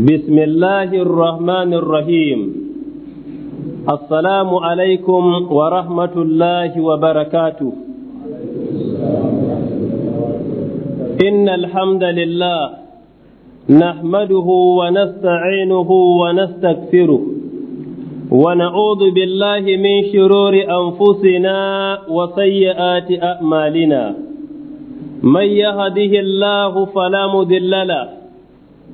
بسم الله الرحمن الرحيم السلام عليكم ورحمة الله وبركاته إن الحمد لله نحمده ونستعينه ونستغفره ونعوذ بالله من شرور أنفسنا وسيئات أعمالنا من يهده الله فلا مذل له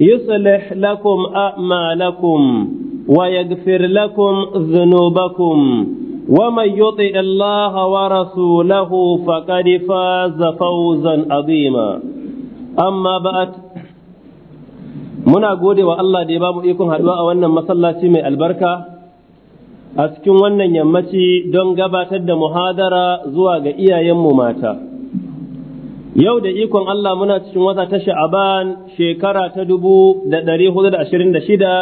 يصلح لكم أعمالكم ويغفر لكم ذنوبكم ومن يطع الله ورسوله فقد فاز فوزا عظيما أما بعد muna gode wa Allah da ya bamu ikon haɗuwa a wannan masallaci mai albarka a cikin wannan yammaci don gabatar da muhadara zuwa ga iyayenmu mata. Yau da ikon Allah muna cikin wata ta sha'aban shekara ta dubu da ɗari hudu da ashirin da shida,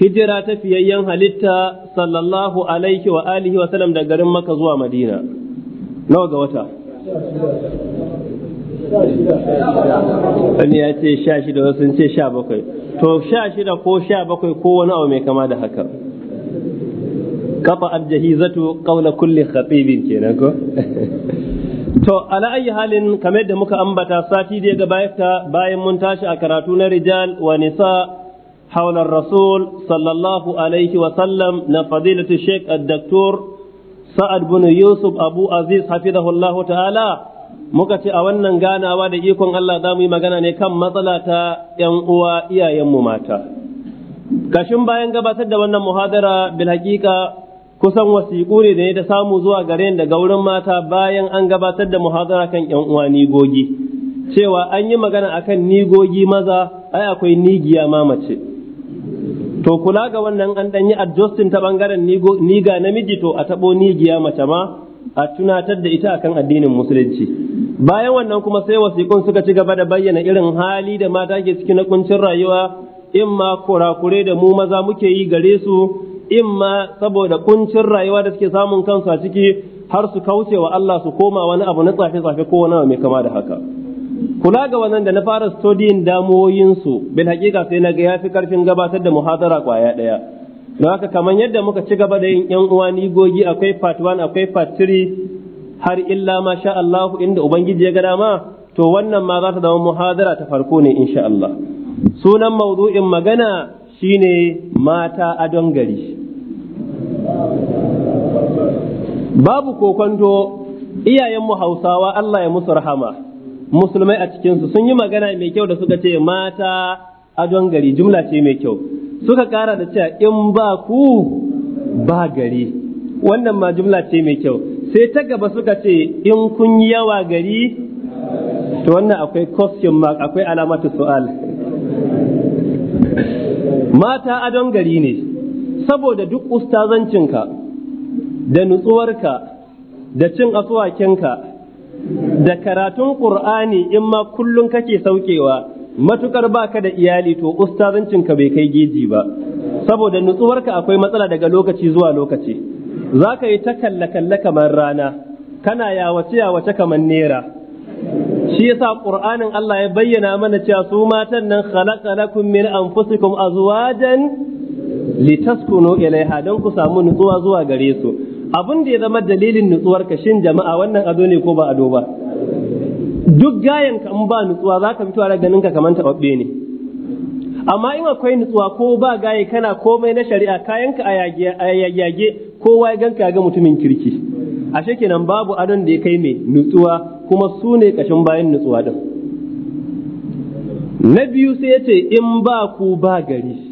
hijira ta fiyayyen halitta sallallahu alaihi wa alihi wa salam da garin maka zuwa Madina. Nawa ga wata? Wani ya ce sha shida wasu sun ce sha bakwai. To sha shida ko sha bakwai ko wani abu mai kama da haka. Kafa abjahizatu kaula kullin khatibin kenan ko? to ala ayi halin kamar da muka ambata sati da ga bayan mun tashi a karatu na rijal wa nisa sallallahu alaihi wa sallam na fadilatu لفضيلة ad الدكتور sa'ad bin yusuf abu aziz حفظه Ta'ala, muka ce a wannan ganawa da ikon Allah za mu yi magana ne kan matsala ta ‘yan uwa iyayenmu mata. Kashin bayan gabatar da wannan muhadara bil haƙiƙa. kusan wasiƙu ne da ne da samu zuwa gare daga wurin mata bayan an gabatar da muhadara kan ƴan uwa nigogi cewa an yi magana akan nigogi maza ai akwai nigiya ma mace to kula ga wannan an ɗan yi adjusting ta ɓangaren niga namiji to a taɓo nigiya mace ma a tunatar da ita akan addinin musulunci bayan wannan kuma sai wasiƙun suka ci gaba da bayyana irin hali da mata ke ciki na kuncin rayuwa in ma kurakure da mu maza muke yi gare su imma saboda kuncin rayuwa da suke samun kansu a ciki har su kauce wa Allah su koma wani abu na tsafe-tsafe ko wani mai kama da haka kula ga wannan da na fara studying damuwoyinsu bil hakika sai na ga ya fi karfin gabatar da muhadara kwaya ɗaya. don haka kamar yadda muka ci gaba da yin yan uwa gogi akwai part 1 akwai part 3 har illa ma sha Allah inda ubangiji ya ga dama to wannan ma za ta zama muhadara ta farko ne insha Allah sunan mawdu'in magana shine mata adon gari babu kokonto iyayenmu hausawa Allah ya musu rahama musulmai a cikinsu sun yi magana mai kyau da suka ce mata adon gari jumla ce mai kyau suka kara da cewa in ba ku ba gari wannan ma jumla ce mai kyau sai ta gaba suka ce in kun yi yawa gari to wannan akwai question mark akwai alamatu su'al mata adon gari ne saboda duk ustazancinka da nutsuwarka da cin asuwakinka da karatun ƙur'ani in ma kullum kake saukewa matukar baka da iyali to ustazancinka bai kai geji ba saboda nutsuwarka akwai matsala daga lokaci zuwa lokaci za ka yi ta kalle-kalle kamar rana kana yawace-yawace kamar nera shi yasa ƙur'anin Allah ya bayyana mana cewa su matan nan khalaqa lakum min anfusikum azwajan litaskunu ilaiha don ku samu nutsuwa zuwa gare su abin da ya zama dalilin nutsuwar ka shin jama'a wannan ado ne ko ba ado ba duk gayan ka in ba nutsuwa za ka fito a ganin ka kamar taɓaɓɓe ne amma in akwai nutsuwa ko ba gaye kana komai na shari'a kayan ka a yayyage kowa ya ganka ya ga mutumin kirki ashe kenan babu adon da ya kai mai nutsuwa kuma su ne kashin bayan nutsuwa din na biyu sai ya ce in ba ku ba gari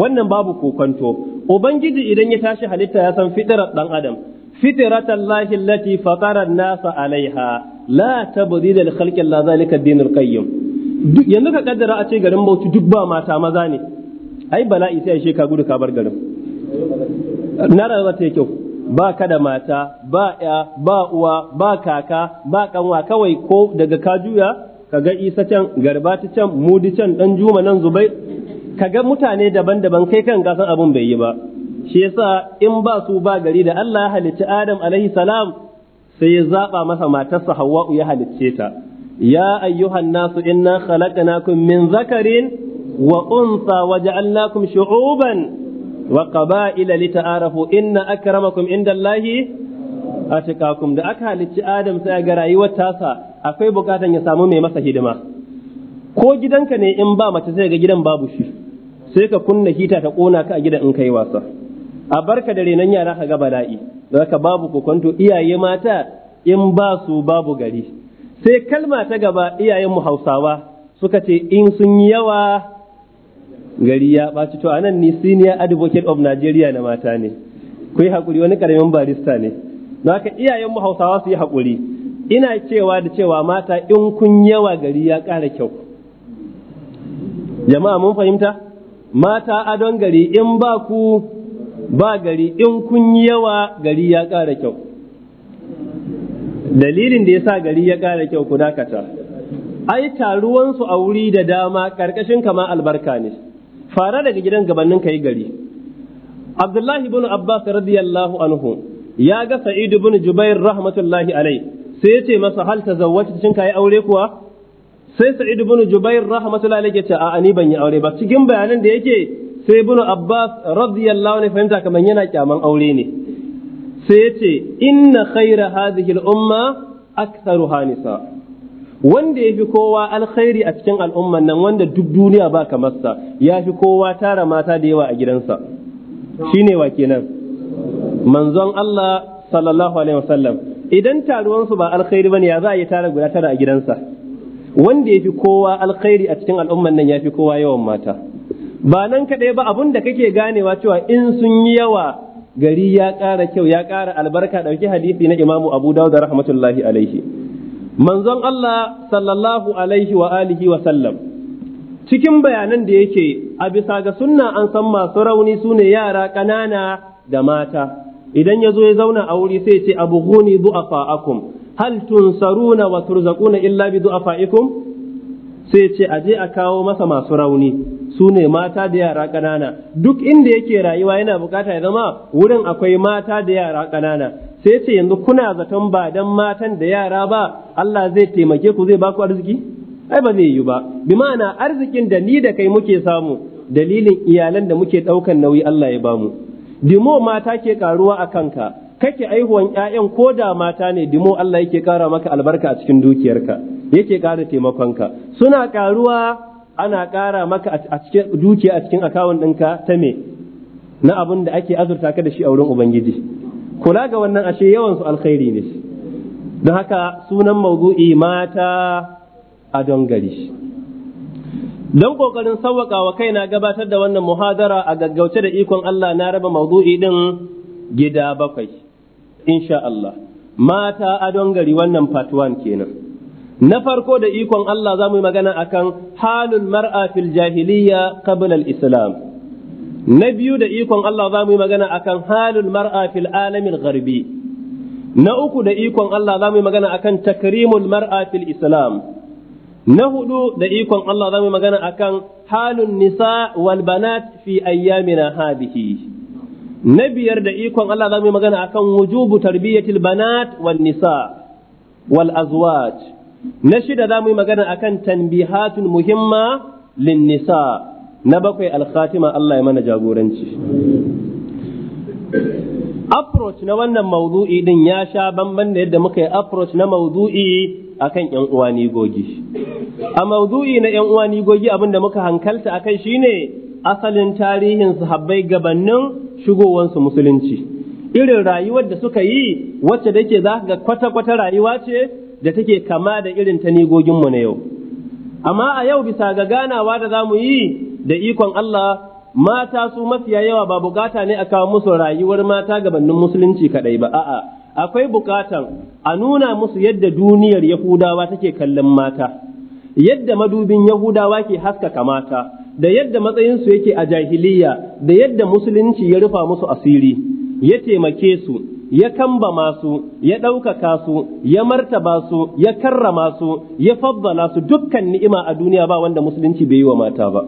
wannan babu kokonto ubangiji idan ya tashi halitta ya san fitrar dan adam fitratan lahi allati fatara nasa alaiha la tabdila li khalqi la zalika dinul qayyim yanzu ka kaddara a ce garin Bauchi duk ba mata maza ne ai bala'i sai shi ka gudu ka bar garin na rayuwa ta kyau ba ka da mata ba ya ba uwa ba kaka ba kanwa kawai ko daga ka juya ka ga isa can garba ta can mudi can dan juma nan zubai Ka ga mutane daban-daban kai kan gasan abun bai yi ba shi yasa in ba su ba gari da Allah ya halicci Adam alaihi salam sai ya zaba masa matarsa Hawwa'u ya halicce ta ya ayyuhan nasu inna khalaqnakum min zakarin wa unsa wa ja'alnakum shu'uban wa qaba'ila lita'arafu inna akramakum indallahi atqakum da aka halicci Adam sai ga rayuwar tasa akwai bukatan ya samu mai masa hidima ko gidanka ne in ba mace sai ga gidan babu shi sai ka kunna hita ta kona ka a gidan in kai wasa a barka da renan yara ka ga bala'i zaka babu kokonto iyaye mata in ba su babu gari sai kalma ta gaba iyayen mu Hausawa suka ce in sun yi yawa gari ya ɓaci to anan ni senior advocate of Nigeria na mata ne ku yi hakuri wani karamin barista ne don haka iyayen mu Hausawa su yi hakuri ina cewa da cewa mata in kun yawa gari ya ƙara kyau jama'a mun fahimta mata adon gari in ba ku ba gari in kun yi yawa gari ya ƙara kyau dalilin da ya sa gari ya ƙara kyau ku dakata ai taruwansu a wuri da dama ƙarƙashin kama albarka ne fara daga gidan gabanin ka yi gari abdullahi bin abbas radiyallahu anhu ya ga Sa'idu bin jubair rahmatullahi alai sai ya ce masa hal ta cin kayi aure kuwa sai sa'id ibn jubair rahmatullahi alayhi ce a ni ban yi aure ba cikin bayanan da yake sai ibn abbas radiyallahu anhu fahimta kamar yana kyaman aure ne sai yace inna khayra hadhihi al-umma aktharu hanisa wanda ya fi kowa alkhairi a cikin al'umman nan wanda duk duniya ba sa ya fi kowa tara mata da yawa a gidansa shine wa kenan manzon Allah sallallahu alaihi wasallam idan taruwansu ba alkhairi bane ya za a yi tara guda tara a gidansa wanda ya fi kowa alkhairi a cikin al'umman nan ya fi kowa yawan mata ba nan kaɗai ba abun da kake ganewa cewa in sun yi yawa gari ya ƙara kyau ya ƙara albarka ɗauki hadisi na imamu abu dawud rahmatullahi alaihi manzon Allah sallallahu alaihi wa alihi wa sallam cikin bayanan da yake a bisa ga sunna an san masu rauni su ne yara ƙanana da mata idan ya zo ya zauna a wuri sai ce abu guni akum hal tunsaruna wa turzaquna illa bi du'afaikum sai ce aje a kawo masa masu rauni su ne mata da yara ƙanana duk inda yake rayuwa yana bukata ya zama wurin akwai mata da yara ƙanana sai ce yanzu kuna zaton ba dan matan da yara ba Allah zai taimake ku zai baku arziki ai ba zai yi ba bi ma'ana arzikin da ni da kai muke samu dalilin iyalan da muke ɗaukan nauyi Allah ya bamu dimo mata ke karuwa a kanka kake aihuwan 'ya'yan ko da mata ne dimo Allah yake kara maka albarka a cikin dukiyarka yake ƙara taimakonka suna karuwa ana kara maka a cikin dukiya a cikin akawun ɗinka ta me na abin da ake azurta ka da shi a wurin ubangiji kula ga wannan ashe yawan su alkhairi ne don haka sunan mawdu'i mata a don gari don kokarin sauwaka wa kaina gabatar da wannan muhadara a gaggauce da ikon Allah na raba mawdu'i din gida bakwai insha Allah mata adon gari wannan part 1 kenan na farko da ikon Allah za mu yi magana akan halul mar'a fil jahiliya qabla al-islam na biyu da ikon Allah za mu yi magana akan halul mar'a fil alamin gharbi na uku da ikon Allah za mu yi magana akan takrimul mar'a fil islam na hudu da ikon Allah za mu yi magana akan halun nisa wal banat fi ayyamina hadhihi na biyar da ikon Allah za mu yi magana akan wujubu tarbiyatil banat wan nisa wal azwaj na shida za mu yi magana akan tanbihatun muhimma lin nisa na bakwai al-khatima Allah ya mana jagoranci approach na wannan mawdu'i din ya sha bamban da yadda muka yi approach na mawdu'i akan yan uwa gogi a mawdu'i na yan uwa gogi abinda muka hankalta akan shine asalin tarihin sahabbai gabanin shigowansu musulunci irin rayuwar da suka yi wacce da ke za ga kwata-kwata rayuwa ce da take kama da irin ta nigoginmu na yau amma a yau bisa ga ganawa da za mu yi da ikon Allah mata su mafiya yawa ba bukata ne a kawo musu rayuwar mata gabanin musulunci kadai ba a'a akwai bukatan a nuna musu yadda duniyar yahudawa take kallon mata yadda madubin yahudawa ke haskaka mata da yadda matsayinsu yake a jahiliya da yadda musulunci ya rufa musu asiri ya taimake su ya kambama su ya ɗaukaka su ya martaba su ya karrama su ya fabbala su dukkan ni'ima a duniya ba wanda musulunci bai yi wa mata ba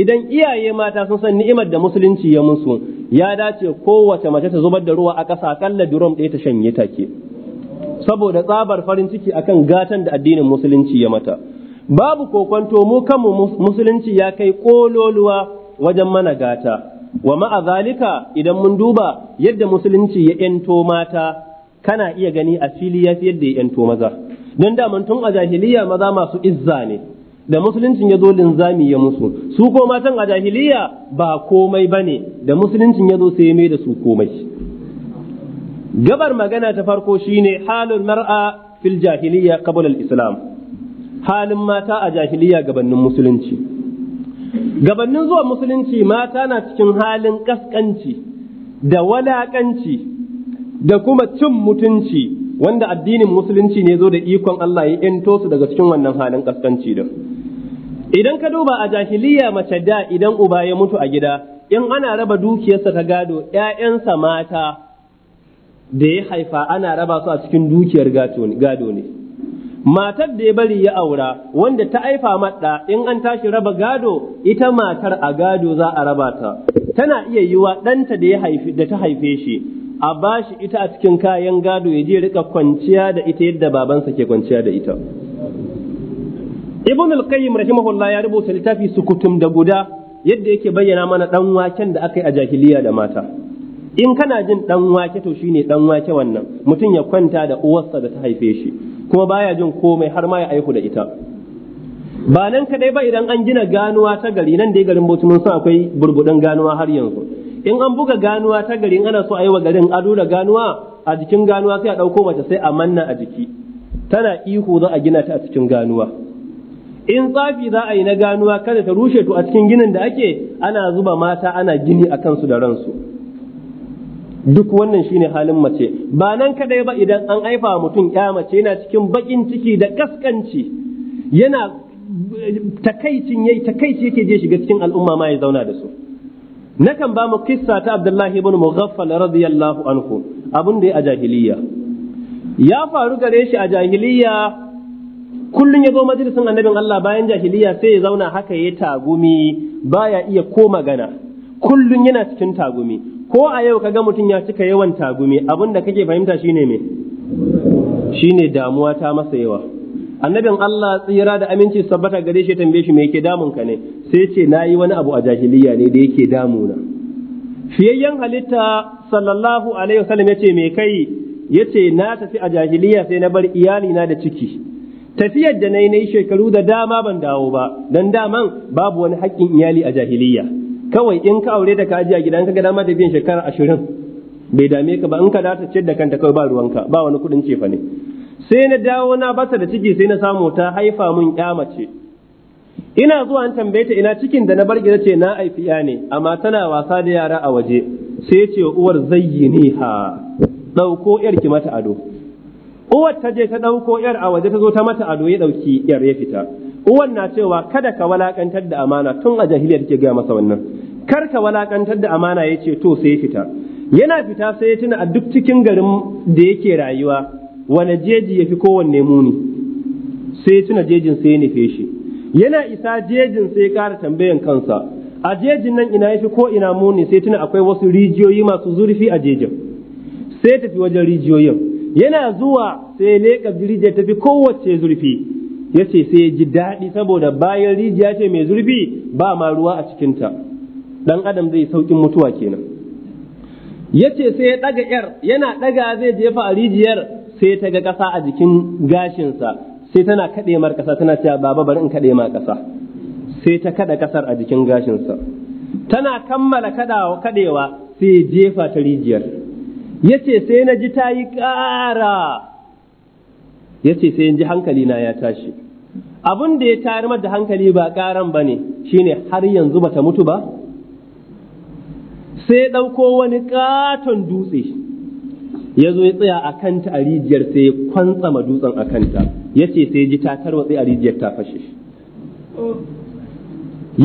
idan iyaye mata sun san ni'imar da musulunci ya musu ya dace kowace mace ta zubar da ruwa a ƙasa akalla durom ɗaya ta shanye take saboda tsabar farin ciki akan gatan da addinin musulunci ya mata babu kokonto mu kanmu musulunci ya kai kololuwa wajen mana gata wa ma'a zalika idan mun duba yadda musulunci ya yanto mata kana iya gani a fili ya fi yadda ya yanto maza don mun tun a jahiliya maza masu izza ne da musuluncin ya zo linzami ya musu su ko matan a jahiliya ba komai ba ne da musuluncin ya zo sai ya mai da su komai gabar magana ta farko shine halul mar'a fil jahiliya qabla al-islam halin mata a jahiliya gabanin musulunci gabanin zuwa musulunci mata na cikin halin ƙasƙanci da walaƙanci da kuma cin mutunci wanda addinin musulunci ne zo da ikon Allah ya yanto su daga cikin wannan halin ƙasƙanci da. idan ka duba a jahiliya mace da idan uba ya mutu a gida in ana raba dukiyarsa ta gado ‘ya'yansa mata da ya haifa ana raba su a cikin dukiyar gado ne matar da ya bari ya aura wanda ta aifa maɗa in an tashi raba gado ita matar a gado za a raba ta tana iya yiwa ɗanta da da ta haife shi a ba shi ita a cikin kayan gado ya je rika kwanciya da ita yadda babansa ke kwanciya da ita ibn al-qayyim rahimahullah ya rubuta littafi sukutum da guda yadda yake bayyana mana ɗan waken da aka yi a jahiliya da mata in kana jin dan wake to shine dan wake wannan mutum ya kwanta da uwarsa da ta haife shi kuma baya jin komai har ma ya aihu da ita ba nan kadai ba idan an gina ganuwa ta gari nan dai garin Bauchi mun san akwai burbudan ganuwa har yanzu in an buga ganuwa ta gari ana so a yi wa garin ado da ganuwa a jikin ganuwa sai a dauko mace sai a manna a jiki tana ihu za a gina ta a cikin ganuwa in tsafi za a yi na ganuwa kada ta rushe to a cikin ginin da ake ana zuba mata ana gini a kansu da ransu duk wannan shine halin mace ba nan kadai ba idan an aifa mutum ya mace yana cikin bakin ciki da kaskanci yana takaicin yayi takaici yake je shiga cikin al'umma ma ya zauna da su nakan ba mu kissa ta Abdullahi ibn Mughaffal radiyallahu anhu abun da ya jahiliya ya faru gare shi a jahiliya kullun ya zo majalisin annabin Allah bayan jahiliya sai ya zauna haka ya tagumi baya iya ko magana kullun yana cikin tagumi ko a yau ka ga mutum ya cika yawan tagumi abin da kake fahimta shine me shine damuwa ta masa yawa annabin Allah tsira da aminci sabbata gare shi tambaye shi me yake damun ka ne sai ce nayi wani abu a jahiliya ne da yake damuna fiyayyen halitta sallallahu alaihi wasallam yace me kai yace na tafi a jahiliya sai na bar iyali na da ciki tafiyar da nayi nayi shekaru da dama ban dawo ba dan daman babu wani haƙƙin iyali a jahiliya kawai in ka aure da kaji a gidan ka ga dama da biyan shekara ashirin bai dame ka ba in ka data ce da kanta kawai ba ruwanka ba wani kuɗin cefa ne sai na dawo na bata da ciki sai na samu ta haifa mun ƴa mace ina zuwa an tambaye ta ina cikin da na bar gida ce na haifi ya ne amma tana wasa da yara a waje sai ce uwar dauko ɗauko yarki mata ado uwar ta je ta ɗauko yar a waje ta zo ta mata ado ya ɗauki yar ya fita uwan na cewa kada ka walakantar da amana tun a jahiliya take gaya masa wannan kar ka walakantar da amana ya ce to sai fita yana fita sai ya tuna a duk cikin garin da yake rayuwa wani jeji ya fi kowanne muni sai ya tuna jejin sai ya nufe shi yana isa jejin sai ya ƙara tambayan kansa a jejin nan ina ya fi ko ina muni sai tuna akwai wasu rijiyoyi masu zurfi a jejin sai tafi wajen rijiyoyin yana zuwa sai leƙa rijiyar tafi kowace zurfi yace sai ya ji daɗi saboda bayan rijiya ce mai zurfi ba ma ruwa a cikinta ɗan adam zai saukin mutuwa kenan yace sai ya ɗaga ƴar yana ɗaga zai jefa a rijiyar sai ta ga ƙasa a jikin gashinsa sai tana kaɗe mar ƙasa tana cewa baba bari in kaɗe ma ƙasa sai ta kaɗa ƙasar a jikin gashinsa tana kammala kaɗawa kaɗewa sai jefa ta rijiyar yace sai na ji ta yi ƙara ya ce sai ji hankali na ya tashi abin da ya tayar da hankali ba ƙaran ba ne shine har yanzu ba ta mutu ba sai ɗauko wani ƙaton dutse ya zo ya tsaya a kanta a rijiyar sai ya kwantsama dutsen a kanta ya ce sai ji ta tarwatse a rijiyar ta fashe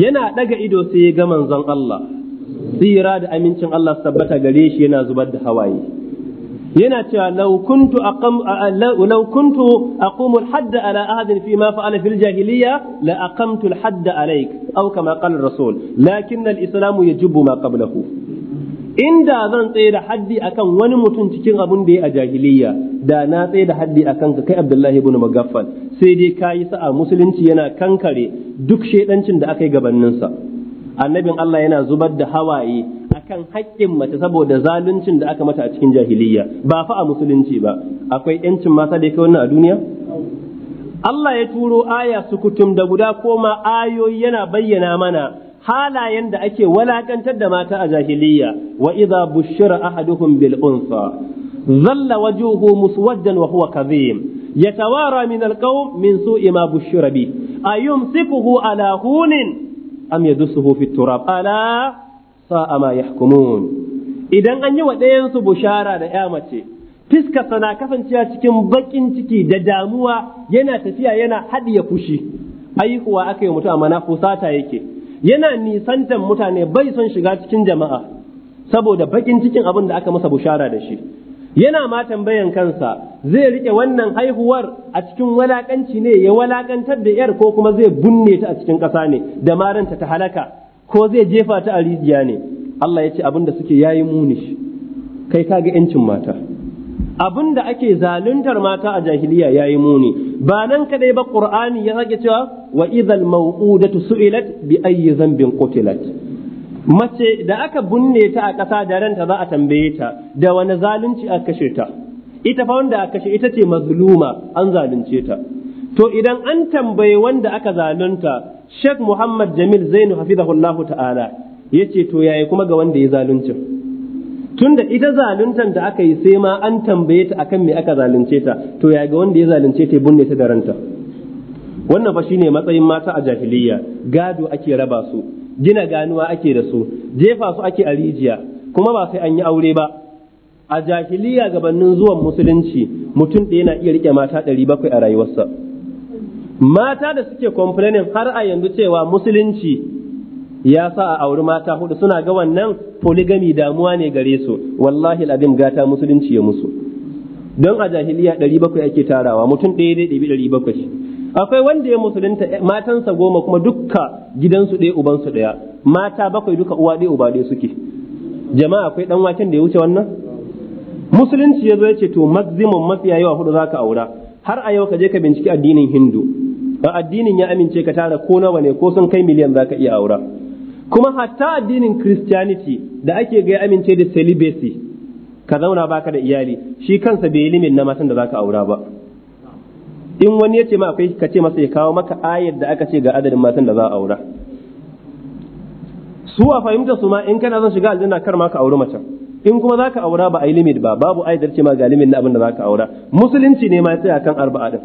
yana ɗaga ido sai ya ga manzon Allah tsira da amincin Allah tabbata gare shi yana zubar da hawaye yana cewa law kuntu aqam law ala ahadin fi ma fa'ala fil jahiliyya la aqamtu al-hadd alayk aw kama qala rasul lakin al-islam yajibu ma qablahu inda zan tsaye da haddi akan wani mutum cikin abun da ya a jahiliyya da na tsaye da haddi akan ka kai Abdullahi ibn Mugaffal sai dai kayi sa'a musulunci yana kankare duk shedancin da aka yi gabaninsa annabin Allah yana zubar da hawaye akan haƙƙin mace saboda zaluncin da aka mata a cikin jahiliyya ba fa a musulunci ba akwai yancin mata da yake wannan a duniya Allah ya turo aya sukutum da guda koma ayoyi yana bayyana mana halayen da ake walakantar da mata a jahiliyya wa idza bushira ahaduhum bil unsa zalla wajuhu muswaddan wa huwa kadhim يتوارى من القوم من سوء ما بشر به أيمسكه على هون أم يدسه في التراب ألا sa'a yahkumun idan an yi wa ɗayansu bushara da ya mace fiskarsa na kasancewa cikin baƙin ciki da damuwa yana tafiya yana haɗiye fushi aihuwa aka yi a amma fusata yake yana nisantan mutane bai son shiga cikin jama'a saboda baƙin cikin abin da aka masa bushara da shi yana ma tambayan kansa zai rike wannan haihuwar a cikin walakanci ne ya walakantar da yar ko kuma zai bunne ta a cikin ƙasa ne da maranta ta halaka ko zai jefa ta a rijiya ne Allah ya ce abin da suke yayi muni kai ka ga yancin mata abin da ake zaluntar mata a jahiliya yayi muni ba nan kadai ba qur'ani ya sake cewa wa idhal su su'ilat bi ayyi dhanbin qutilat mace da aka binne ta a ƙasa da ranta za a tambaye ta da wani zalunci aka kashe ta ita fa wanda aka kashe ita ce mazluma an zalunce ta to idan an tambaye wanda aka zalunta Sheikh Muhammad Jamil Zainu hafizahullahu ta'ala yace to yaya kuma ga wanda ya zalunci tunda ita zaluntan da aka yi sai ma an tambaye ta akan me aka zalunce ta to yaya ga wanda ya zalunce ta bunne ta da ranta wannan fa shine matsayin mata a jahiliya gado ake raba su gina ganuwa ake da su jefa su ake a rijiya kuma ba sai an yi aure ba a jahiliya gabanin zuwan musulunci mutum ɗaya na iya rike mata ɗari bakwai a rayuwarsa mata da suke complaining har a yanzu cewa musulunci ya sa a auri mata hudu suna ga wannan polygamy damuwa ne gare su wallahi al'adin gata musulunci ya musu don a jahiliya 700 ake tarawa mutum ɗaya 700 akwai wanda ya musulunta eh, matansa goma kuma dukka gidansu ɗaya ubansu ɗaya mata bakwai duka uwa ɗaya uba ɗaya suke jama'a akwai ɗan waken da ya wuce wannan musulunci ya zo ya ce to maximum mafiya yawa hudu zaka aura har a yau ka je ka binciki addinin hindu ba addinin ya amince ka tara ko nawa ne ko sun kai miliyan zaka iya aura kuma hatta addinin christianity da ake ga ya amince da celibacy ka zauna baka da iyali shi kansa bai limin na matan da zaka aura ba in wani ya ce ma akwai ka ce masa ya kawo maka ayar da aka ce ga adadin matan da za a aura su a fahimta su ma in kana zan shiga aljanna kar ma ka auri mace in kuma za ka aura ba a yi limit ba babu ayar ce ma ga limit na abin da za ka aura musulunci ne ma ya tsaya kan arba'a din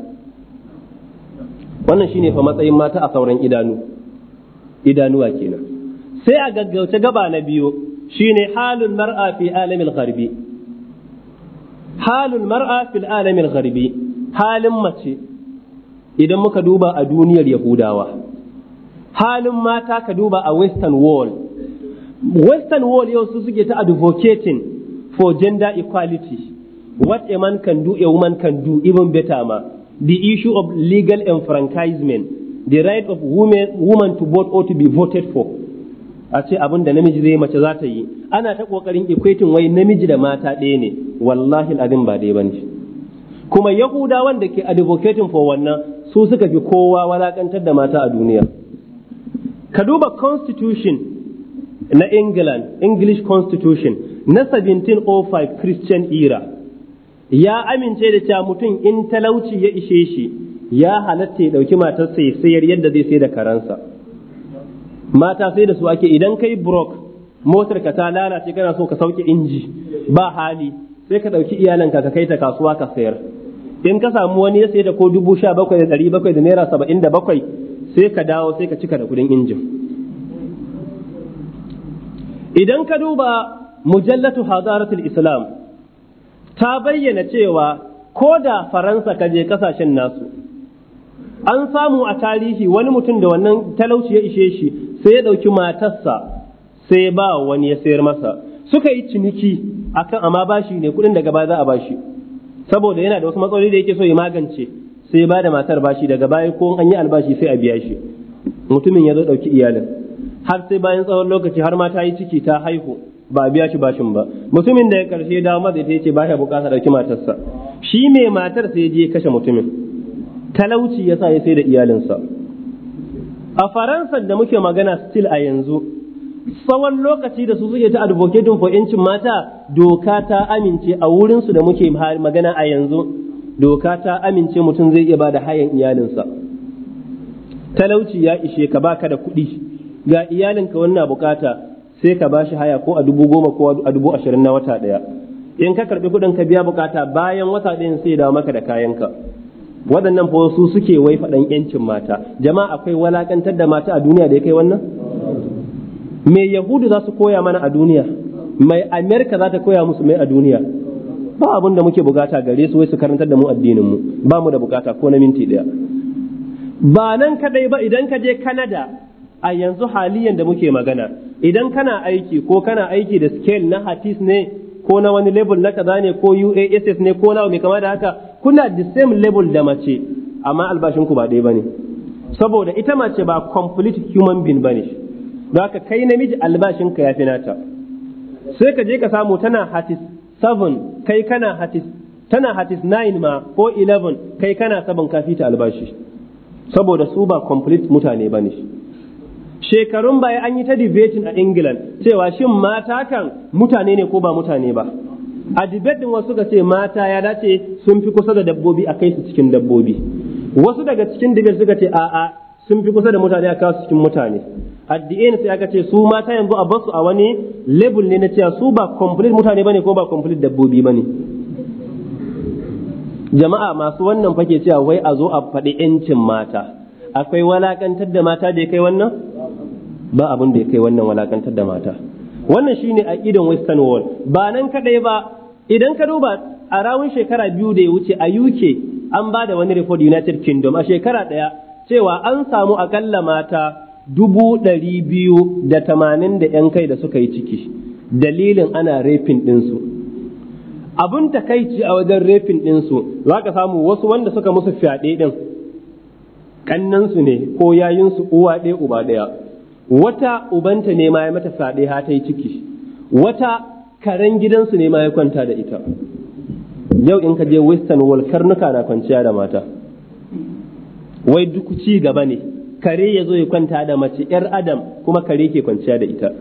wannan shine fa matsayin mata a sauran idanu idanuwa kenan sai a gaggauce gaba na biyu shine halul mar'a fi alamin gharbi halul mar'a fi alamin gharbi halin mace idan muka duba a duniyar yahudawa halin mata ka duba a western wall. western wall yau su suke ta advocating for gender equality what a man can do a woman can do even better ma the issue of legal enfranchisement, the right of women, woman to vote or to be voted for. a ce abin da namiji zai mace za ta yi ana ta kokarin equating wai namiji da mata ɗaya ne wallahi abin ba dai bane kuma Yahuda wanda ke advocating for wannan su suka fi kowa walakantar da mata a duniya ka duba constitution na england english constitution na 1705 christian era ya amince da cewa mutum in talauci ya ishe shi ya halatta ya ɗauki matar ya sayar yadda zai sai da karansa mata sai da su ake idan kai brok motar ka ta lalace kana so ka sauke inji ba hali sai ka ɗauki iyalanka ka kai ta kasuwa ka sayar in ka samu wani ya sayar da ko dubu sha bakwai da ɗari bakwai da naira saba'in da bakwai sai ka dawo sai ka cika da kudin injin idan ka duba mujallatu hadaratul islam ta bayyana cewa ko da faransa ka je kasashen nasu an samu a tarihi wani mutum da wannan talauci ya ishe shi sai ya ɗauki matarsa sai ba wani ya sayar masa suka yi ciniki akan amma bashi ne kuɗin daga baya za a bashi saboda yana da wasu matsaloli da yake so ya magance sai ba da matar bashi daga baya ko an yi albashi sai a biya shi mutumin ya zo ɗauki iyalin har sai bayan tsawon lokaci har ma ta yi ciki ta haihu ba biya shi bashin ba mutumin da ya karshe dawo maza ita ce ba ya bukatar dauki matarsa shi mai matar sai je kashe mutumin talauci yasa ya sai da iyalinsa a faransa da muke magana still a yanzu tsawon lokaci da su suke ta advocating for yancin mata doka ta amince a wurinsu da muke magana a yanzu doka ta amince mutum zai iya bada hayan iyalinsa talauci ya ishe ka baka da kuɗi ga iyalinka wannan bukata sai ka bashi haya ko a dubu goma ko a dubu ashirin na wata daya. in ka karɓi kuɗin ka biya bukata bayan wata ɗayan sai dawo maka da kayanka waɗannan fa su suke wai faɗan yancin mata jama'a akwai walakantar da mata a duniya da ya kai wannan me yahudu za su koya mana a duniya mai amerika za ta koya musu mai a duniya ba abin da muke bukata gare su wai su karantar da mu addinin mu ba mu da bukata ko na minti ɗaya ba nan kadai ba idan ka je Canada a yanzu haliyan da muke magana idan kana aiki ko kana aiki da scale na hatis ne ko na wani level na kaza ne ko UASS ne ko nawa mai kama da haka kuna the same level da mace amma albashin ku ba ɗaya bane saboda ita mace ba complete human being bane don haka kai namiji albashin ka yafi nata sai ka je ka samu tana hatis 7 kai kana hatis tana hatis 9 ma ko 11 kai kana 7 ka fita albashi saboda su ba complete mutane bane shekarun baya an yi ta debating a England cewa shin mata kan mutane ne ko ba mutane ba a debate wasu ga ce mata ya dace sun fi kusa da dabbobi a kai su cikin dabbobi wasu daga cikin debate suka ce a'a sun fi kusa da mutane a kawo su cikin mutane end sai aka ce su mata yanzu a basu a wani level ne na cewa su ba complete mutane bane ko ba complete dabbobi bane jama'a masu wannan fake cewa wai a zo a faɗi 'yancin mata akwai walakantar da mata da ya kai wannan ba abin da ya kai wannan walakantar da mata wannan shine a idan western world ba nan kadai ba idan ka duba a rawun shekara biyu da ya wuce a UK an ba da wani report United Kingdom a shekara ɗaya cewa an samu akalla mata dubu ɗari biyu da tamanin da ‘yan kai da suka yi ciki dalilin ana rafin ɗinsu abin takaici a wajen rafin ɗinsu za ka samu wasu wanda suka musu fyaɗe ɗin ƙannansu ne ko yayinsu uwa ɗaya uba ɗaya wata ubanta ne ma ya mata fade ha ta yi ciki wata karen gidansu ne ma ya kwanta da ita yau in ka je western wall karnuka na kwanciya da mata wai duk ci gaba ne kare ya zo ya kwanta da mace yar adam kuma kare ke kwanciya da ita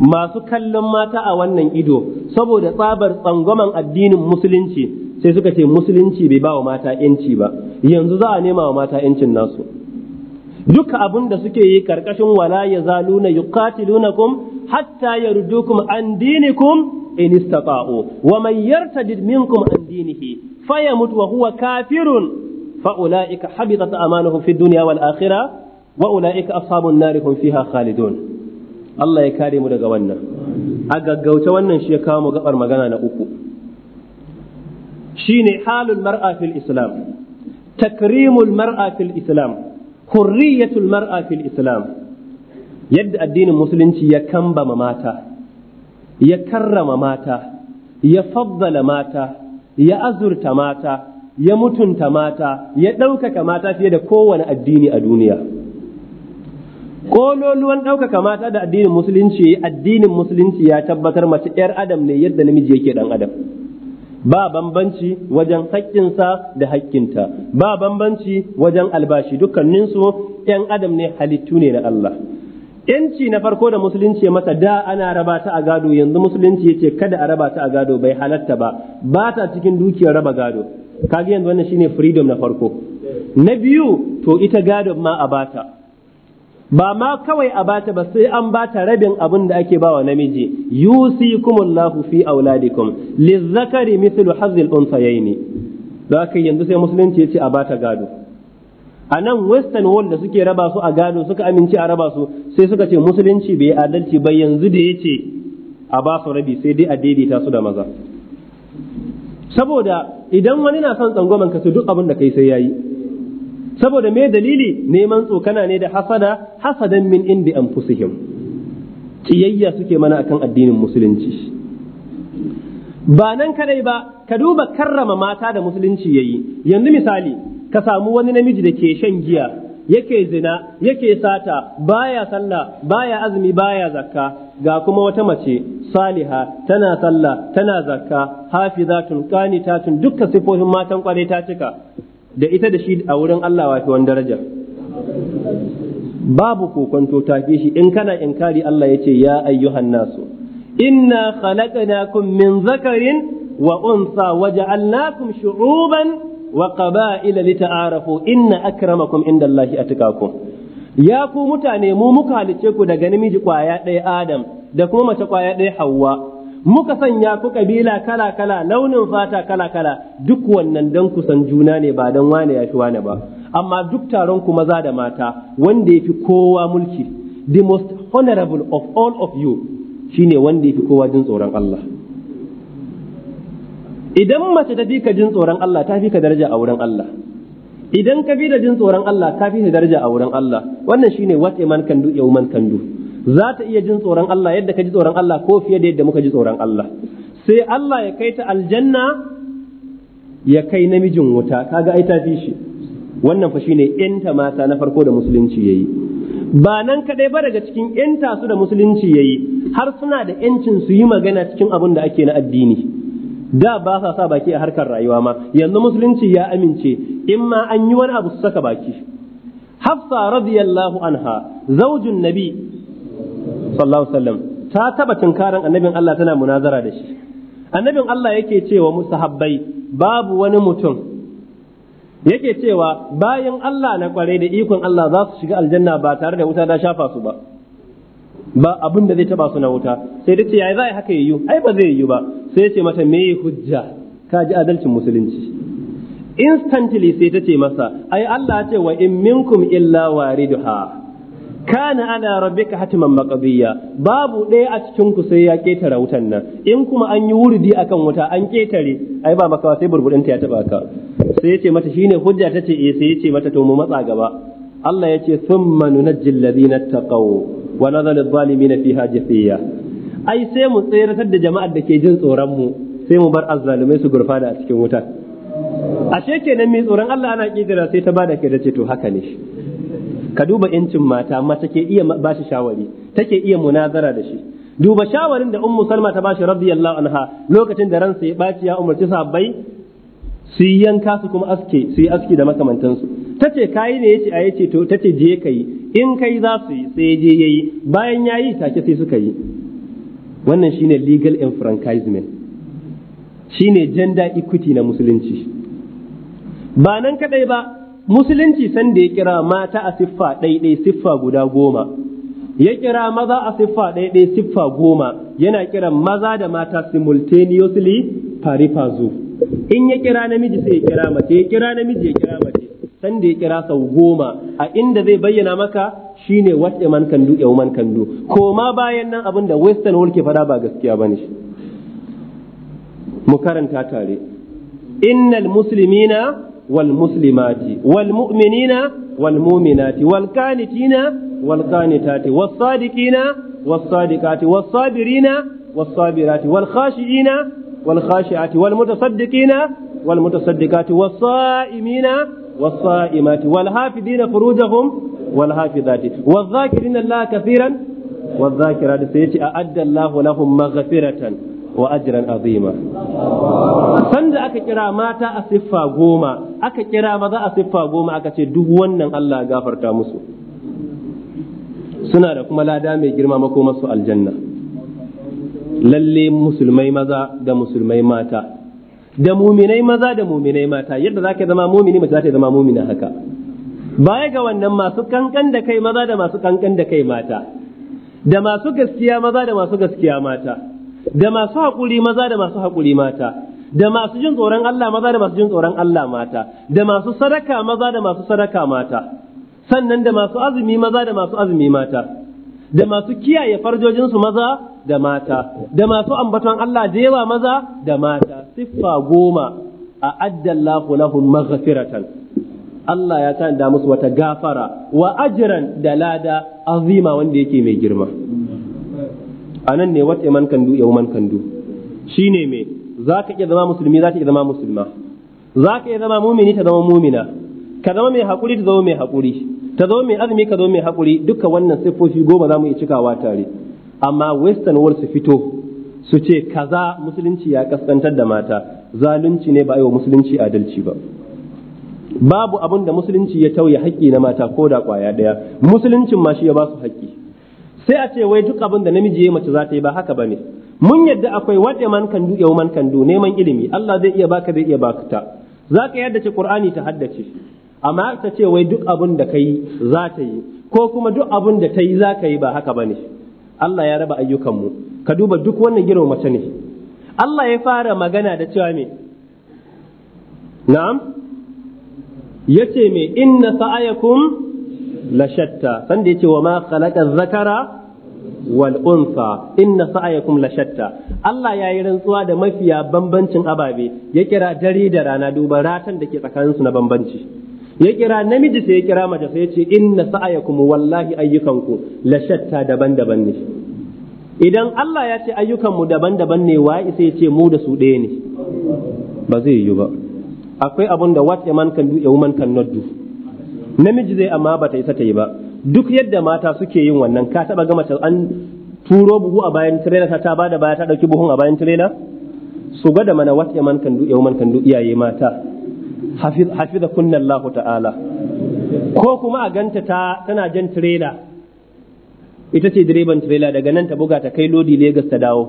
masu kallon mata a wannan ido saboda tsabar tsangwaman addinin musulunci sai suka ce musulunci bai ba wa mata yanci ba yanzu za a nema wa mata yancin nasu duka abin da suke yi karkashin wala ya zaluna yuqatilunakum hatta yardukum an dinikum in istata'u wa man yartadid minkum an dinihi fayamut wa huwa kafirun fa ulaika habitat amanuhum fid dunya wal akhirah wa ulaika ashabun nar hum fiha khalidun Allah ya kare mu daga wannan a gaggauta wannan shi ya kawo mu gabar magana na uku shine halul mar'a fil islam takrimul mar'a fil islam hurriyatul mar'a fil islam yadda addinin musulunci ya kambama mata ya karrama mata ya faddala mata ya azurta mata ya mutunta mata ya ɗaukaka mata fiye da kowane addini a duniya ƙololuwan ɗaukaka mata da addinin musulunci addinin musulunci ya tabbatar mace 'yar adam ne yadda namiji yake ɗan adam ba bambanci wajen haƙƙinsa da haƙƙinta ba bambanci wajen albashi dukkaninsu ‘yan adam ne halittu ne na Allah ‘yanci na farko da musulunci ya masa da ana raba ta a gado yanzu musulunci ya ce kada a raba ta a gado bai halatta ba ba ta cikin dukiyar raba gado kaga yanzu wannan shine freedom na farko na biyu to ita gado ma a bata ba ma kawai a bata ba sai an bata rabin abin da ake bawa namiji yusikumullahu fi auladikum lizzakari mithlu hazzil unsayaini zaka yanzu sai musulunci yace a bata gado a nan western world da suke raba su a gado suka amince a raba su sai suka ce musulunci bai adalci ba yanzu da yace a ba su rabi sai dai a daidaita su da maza saboda idan wani na son tsangwamanka ka duk abin da kai sai yayi saboda me dalili neman tsokana ne da hasada hasadan min indi anfusihim Ciyayya suke mana akan addinin musulunci ba nan kadai ba ka duba karrama mata da musulunci ya yi. yanzu misali ka samu wani namiji da ke shan giya yake zina yake sata baya sallah baya azumi baya zakka ga kuma wata mace saliha tana sallah tana zakka hafizatul qanitatun dukkan sifofin matan kwarai ta cika da ita da shi a wurin Allah wafi wani daraja babu kokonto tafi shi in kana inkari Allah ya ce ya ayyuhan nasu inna khalaqnakum min zakarin wa unsa waja'alnakum shu'uban wa qaba'ila lita'arafu inna akramakum inda atqakum ya ku mutane mu muka halice ku daga namiji kwaya ɗaya Adam da kuma mace kwaya ɗaya Hawwa muka sanya ku kabila kala kala launin fata kala kala duk wannan dan kusan juna ne ba dan wane ya fi wane ba amma duk taron ku maza da mata wanda ya fi kowa mulki the most honorable of all of you shine wanda ya fi kowa jin tsoron Allah idan mace ta fi ka jin tsoron Allah ta fi ka daraja a wurin Allah idan ka bi da jin tsoron Allah ka fi ka daraja a wurin Allah wannan shine what a man can do a woman can do za ta iya jin tsoron Allah yadda ka ji tsoron Allah ko fiye da yadda muka ji tsoron Allah sai Allah ya kai ta aljanna ya kai namijin wuta kaga ai ta fi shi wannan fa ne yanta mata na farko da musulunci yayi ba nan kadai ba daga cikin yanta su da musulunci yayi har suna da yancin su yi magana cikin abin da ake na addini da ba sa sa baki a harkar rayuwa ma yanzu musulunci ya amince in ma an yi wani abu su saka baki hafsa radiyallahu anha zaujin nabi sallallahu alaihi wasallam ta taba tunkaran annabin Allah tana munazara da shi annabin Allah yake cewa musahabbai babu wani mutum yake cewa bayan Allah na kwarai da ikon Allah za su shiga aljanna ba tare da wuta ta shafa su ba ba abin da zai taba su na wuta sai dace yayi za haka yiwu ai ba zai yiwu ba sai ya ce mata me hujja ka ji adalcin musulunci instantly sai ta ce masa ai Allah ya ce wa in minkum illa wariduha kana ana rabbika hatiman maqdiya babu ɗaya a cikin ku sai ya ketare wutan nan in kuma an yi wurdi akan wuta an ketare ai ba makawa sai burbudin ta ya taba ka sai yace mata shine hujja tace eh sai yace mata to mu matsa gaba Allah yace thumma nunajjil ladina taqaw wa nadhal adh dhalimin fiha jafiya ai sai mu tsayar da jama'ar da ke jin tsoron mu sai mu bar azzalumai su gurfana a cikin wuta ashe kenan mai tsoron Allah ana kidira sai ta bada ke ce to haka ne ka duba yancin mata mace ke iya ba shi shawari take iya munazara da shi duba shawarin da ummu salma ta bashi radiyallahu anha lokacin da ransa ya baci ya umarci sahabbai su yi yanka su kuma aske su yi aski da makamantansu tace kayi ne yace a ce to tace je kai in kai za su yi sai je yayi bayan yayi take sai suka yi wannan shine legal enfranchisement shine gender equity na musulunci ba nan kadai ba musulunci san da ya kira mata a siffa ɗaiɗai siffa guda goma ya kira maza a siffa ɗaiɗai siffa goma yana kiran maza da mata simultaneously fari in ya kira namiji sai ya kira mace ya kira namiji ya kira mace san da ya kira sau goma a inda zai bayyana maka shine what a man can do a woman can do koma bayan nan abin da western world ke fada ba gaskiya bane shi mu karanta tare innal muslimina والمسلمات والمؤمنين والمؤمنات والكانتين والقانتات والصادقين والصادقات والصابرين والصابرات والخاشعين والخاشعات والمتصدقين والمتصدقات والصائمين والصائمات والحافظين فروجهم والحافظات والذاكرين الله كثيرا والذاكرات سيأتي أعد الله لهم مغفرة wa ajran azima sanda aka kira mata a siffa goma aka kira maza a siffa goma aka ce duk wannan Allah gafarta musu suna da kuma lada mai girma makoma su aljanna lalle musulmai maza da musulmai mata da muminai maza da muminai mata yadda zaka zama mumini mace za ta zama mumina haka baya ga wannan masu kankan da kai maza da masu kankan da kai mata da masu gaskiya maza da masu gaskiya mata da masu haƙuri maza da masu haƙuri mata da masu jin tsoron Allah maza da masu jin tsoron Allah mata da masu sadaka maza da masu sadaka mata sannan da masu azumi maza da masu azumi mata da masu kiyaye farjojinsu maza da mata da masu ambaton Allah da yawa maza da mata siffa goma a addallahu lahum maghfiratan Allah ya tanda musu wata gafara wa ajran da lada azima wanda yake mai girma a nan ne wata man kandu yau man kandu Shi ne me za ka iya zama musulmi za ta iya zama musulma za ka iya zama mumini ta zama mumina ka zama mai haƙuri ta zama mai haƙuri ta zama mai azumi ka zama mai haƙuri duka wannan siffofi goma za mu iya cikawa tare amma western world su fito su ce kaza musulunci ya kaskantar da mata zalunci ne ba yi wa musulunci adalci ba babu abin da musulunci ya tauye haƙƙi na mata ko da ƙwaya ɗaya musuluncin ma shi ya ba su haƙƙi sai a ce wai duk abin da namiji ya mace za ta yi ba haka bane mun yadda akwai what man kan du yau man kan du neman ilimi Allah zai iya baka zai iya baka ta za ka yadda ce Qur'ani ta haddace amma ta ce wai duk abin da kai za ta yi ko kuma duk abin da ta yi za ka yi ba haka bane Allah ya raba ayyukanmu ka duba duk wannan girma mace ne Allah ya fara magana da cewa me na'am yace me inna sa'ayakum Lashatta, sanda san da yace wa ma khalaqa zakara wal unsa inna sa'ayakum la Allah ya yi rantsuwa da mafiya bambancin ababe ya kira dare da rana duba ratan da ke tsakanin su na bambanci ya kira namiji sai ya kira mace sai ya ce inna sa'ayakum wallahi ayyukanku ku, lashatta daban-daban ne idan Allah ya ce ayyukanmu daban-daban ne wa ya ce mu da su ɗaya ne ba zai yiwu ba akwai abun da what a man can do a woman cannot do namiji zai amma bata isa ta yi ba duk yadda mata suke yin wannan ka taba ga mace an turo buhu a bayan tirela ta ta bada baya ta dauki buhun a bayan tirela su ga da mana wat yaman kan du yaman kan du iyaye mata hafiz kunna Allah ta'ala ko kuma a ganta ta tana jan tirela ita ce direban tirela daga nan ta buga ta kai lodi Lagos ta dawo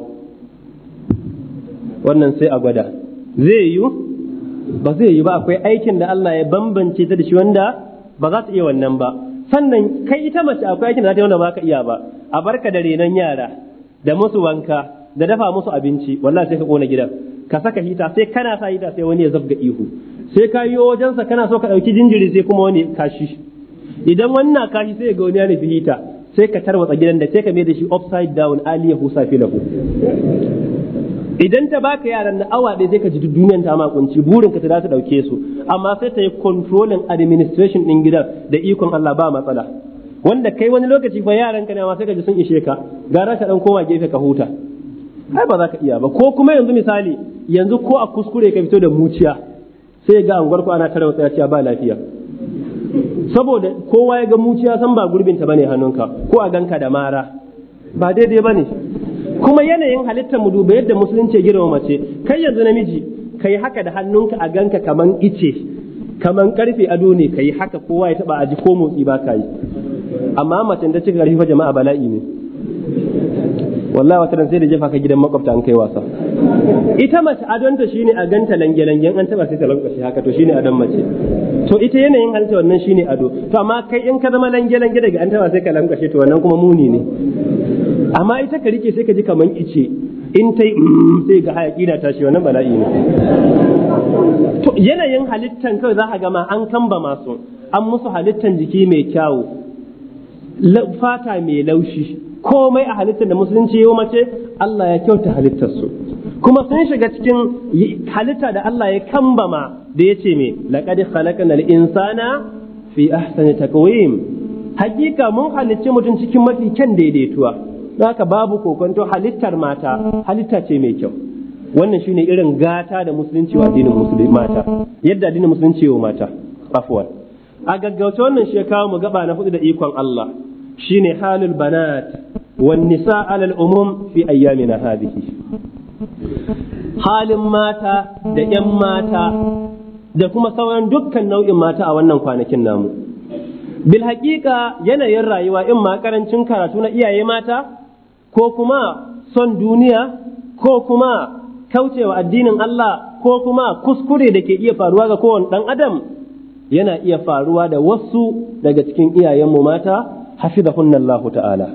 wannan sai a gwada zai yiwu ba zai yi ba akwai aikin da Allah ya bambance ta da shi wanda ba za su iya wannan ba sannan kai ita mace akwai aikin da za ta yi wanda ba ka iya ba a barka da renon yara da musu wanka da dafa musu abinci wallahi sai ka kona gidan ka saka hita sai kana sa hita sai wani ya zabga ihu sai ka yi wajensa kana so ka ɗauki jinjiri sai kuma wani kashi idan wannan kashi sai ga wani ya nufi hita sai ka tarwatsa gidan da sai ka mai da shi upside down aliyahu filahu. idan ta baka yaran na awa ɗaya sai ka ji duniyan ta makunci burin ka ta za ta ɗauke su amma sai ta yi controlling administration ɗin gidan da ikon Allah ba matsala wanda kai wani lokaci fa yaran ka ne ma sai ka ji sun ishe ka gara ka ɗan koma gefe ka huta ai ba za ka iya ba ko kuma yanzu misali yanzu ko a kuskure ka fito da muciya sai ga anguwar ku ana tarawa tsaya ba lafiya saboda kowa ya ga muciya san ba gurbinta bane hannunka ko a ganka da mara ba daidai bane kuma yanayin halittar mu duba yadda musulunci ya girma mace kai yanzu namiji kai haka da hannunka a ganka kaman ice kaman karfe ado ne kai haka kowa ya taba aji ko motsi ba ka yi amma mace da cika karfi fa jama'a bala'i ne wallahi wata sai da jefa ka gidan makwabta an kai wasa ita mace adonta shine a ganta lange-langen an taba sai ta lankwashe haka to shine adon mace to ita yanayin halitta wannan shine ado to amma kai in ka zama lange-lange daga an taba sai ka lankwashe to wannan kuma muni ne amma ita ka rike sai ka ji kaman ice in ta yi mm, sai ga hayaki na tashi wannan bala'i ne to yanayin halittan kawai za ka gama an kamba masu an musu halittan jiki mai kyawu fata mai laushi komai a halittar da musulunci yau mace Allah ya kyauta halittarsu. su kuma sun shiga cikin halitta da Allah ya kambama da ya ce me laqad khalaqnal insana fi ahsani taqwim hakika mun halicci mutum cikin mafi kyan daidaituwa don haka babu kokonto halittar mata halitta ce mai kyau wannan shine irin gata da musulunci wa addinin musulunci mata yadda addinin musulunci wa mata afwan a gaggauta wannan shi kawo mu gaba na hudu da ikon Allah shine halul banat wan nisa alal umum fi ayyamina hadhihi halin mata da 'yan mata da kuma sauran dukkan nau'in mata a wannan kwanakin namu bil haƙiƙa yanayin rayuwa in ma karancin karatu na iyaye mata ko kuma son duniya ko kuma kaucewa addinin Allah ko kuma kuskure da ke iya faruwa ga kowane ɗan adam yana iya faruwa da wasu daga cikin iyayenmu mata hafizahunna Allah ta'ala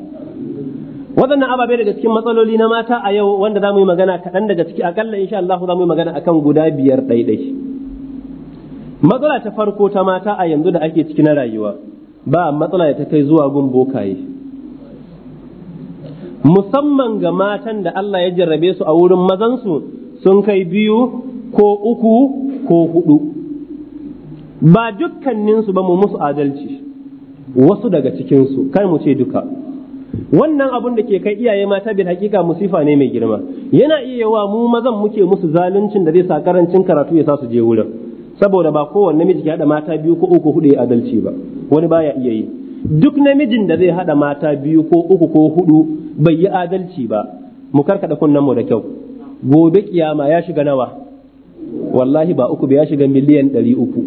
waɗannan ababe daga cikin matsaloli na mata a yau wanda za mu yi magana kaɗan daga ciki akalla insha Allah za mu yi magana akan guda biyar ɗaiɗai matsala ta farko ta mata a yanzu da ake ciki na rayuwa ba matsala da ta kai zuwa gun bokaye musamman ga matan da Allah ya jarrabe su a wurin mazansu sun kai biyu ko uku ko huɗu. ba dukkaninsu ba mu musu adalci wasu daga cikinsu kai mu ce duka wannan abun da ke kai iyaye mata bil hakika musifa ne mai girma yana iya yawa mu mazan muke musu zaluncin da zai sa karancin karatu ya sa su je wurin saboda ba kowanne namiji ke hada mata biyu ko uku hudu ya adalci ba wani baya iya yi duk namijin da zai haɗa mata biyu ko uku ko hudu bai yi adalci ba mu karkada kunnen mu da kyau gobe kiyama ya shiga nawa wallahi ba uku ba ya shiga miliyan ɗari uku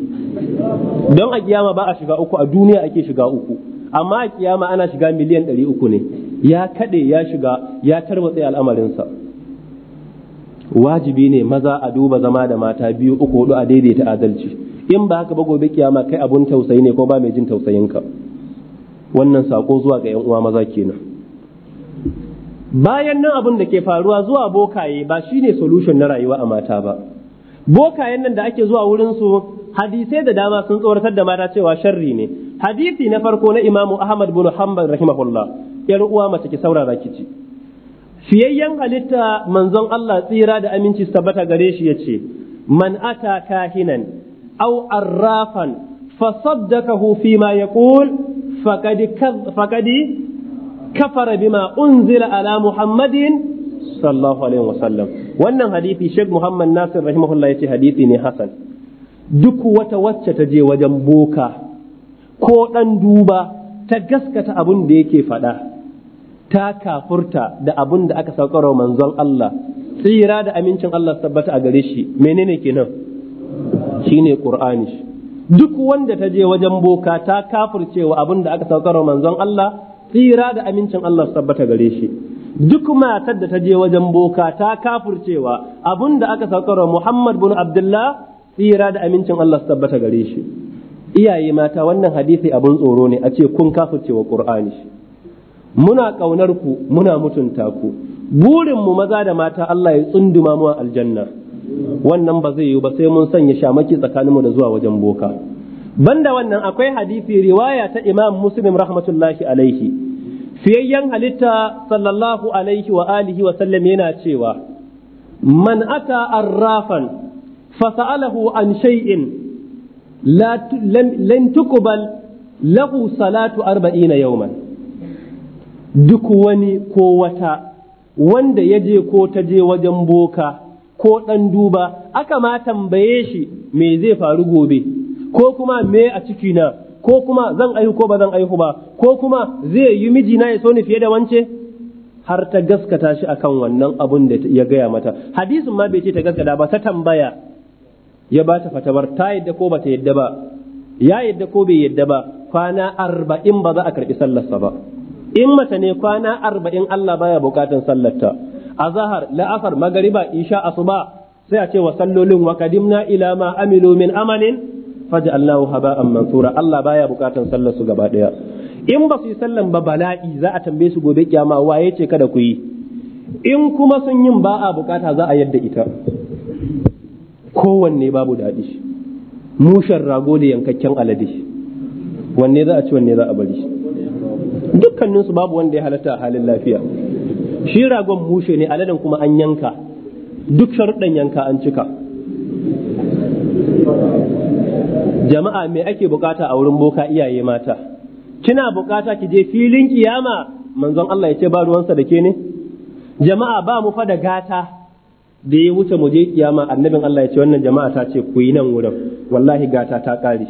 don a kiyama ba a shiga uku a duniya ake shiga uku amma a kiyama ana shiga miliyan ɗari uku ne ya kaɗe ya shiga ya tarwatsa al'amarinsa wajibi ne maza a duba zama da mata biyu uku hudu a daidaita adalci in ba haka ba gobe kiyama kai abun tausayi ne ko ba mai jin tausayinka wannan sako zuwa ga yan uwa maza kenan bayan nan abun da ke faruwa zuwa bokaye ba shine solution na rayuwa a mata ba bokayen nan da ake zuwa wurin su hadisai da dama sun tsoratar da mata cewa sharri ne hadisi na farko na imamu ahmad bin hanbal rahimahullah yar uwa mace ki saurara ki ci fiyayyen halitta manzon Allah tsira da aminci tabbata gare shi yace man ata kahinan aw arrafan fasaddakahu fi ma yaqul faqad faqad kafara bima unzila ala muhammadin sallallahu alaihi wasallam wannan hadisi Sheikh Muhammad Nasir rahimahullah yace hadisi ne hasan duk wata wacce ta je wajen boka ko ɗan duba ta gaskata abin da yake faɗa ta kafurta da abin da aka saukarwa manzon Allah tsira da amincin Allah tabbata a gare shi menene kenan shine qur'ani duk wanda ta je wajen boka ta kafurcewa abin da aka saukarwa manzon Allah tsira da amincin Allah tabbata gare shi duk matar da ta je wajen boka ta kafurcewa abin da aka saukar Muhammad bin Abdullah tsira da amincin Allah tabbata gare shi iyaye mata wannan hadisi abin tsoro ne a ce kun kafircewa qur'ani muna kaunar ku muna mutunta ku burin mu maza da mata Allah ya tsunduma mu aljanna wannan ba zai yi ba sai mun sanya shamaki tsakanin mu da zuwa wajen boka banda wannan akwai hadisi riwaya ta Imam Muslim rahmatullahi alaihi fiyayyen halitta sallallahu alaihi wa alihi wa sallam yana cewa man ata arrafan fasa'alahu an shay'in lantukubal tuqbal lahu salatu arba'ina yawman duk wani ko wata wanda ya je ko ta je wajen boka ko ɗan duba aka ma tambaye shi me zai faru gobe ko kuma me a cikina ko kuma zan aihu ko ba zan aihu ba ko kuma zai yi mijina ya so ni fiye da wance har ta gaskata shi akan wannan abun da ya gaya mata hadisin ma bai ce ta gaskata ba ta tambaya ya ba ta fatawar ta yadda ko ba ta yadda ba ya yadda ko bai yadda ba kwana arba'in ba za a karɓi sallarsa ba in mace ne kwana arba'in Allah baya bukatan sallarta a zahar la'asar magariba isha asuba sai a ce wa sallolin wa kadimna ila ma amilu min amalin faj'alnahu haba'an mansura Allah baya bukatan sallar su gaba daya in ba su yi sallan ba bala'i za a tambaye su gobe kyama waye ce kada ku yi in kuma sun yin ba a bukata za a yadda ita kowanne babu daɗi mushen rago da yankakken alade wanne za a ci wanne za a bari dukkaninsu babu wanda ya halatta a halin lafiya shi ragon mushe ne aladen kuma an yanka duk sharuɗan yanka an cika jama'a me ake bukata a wurin boka iyaye mata kina bukata ki je filin kiyama manzon Allah ya ce ba ruwansa da ke ne jama'a ba mu fa da gata da ya wuce muje je kiyama annabin Allah ya ce wannan jama'a ta ce ku yi nan wurin wallahi gata ta kare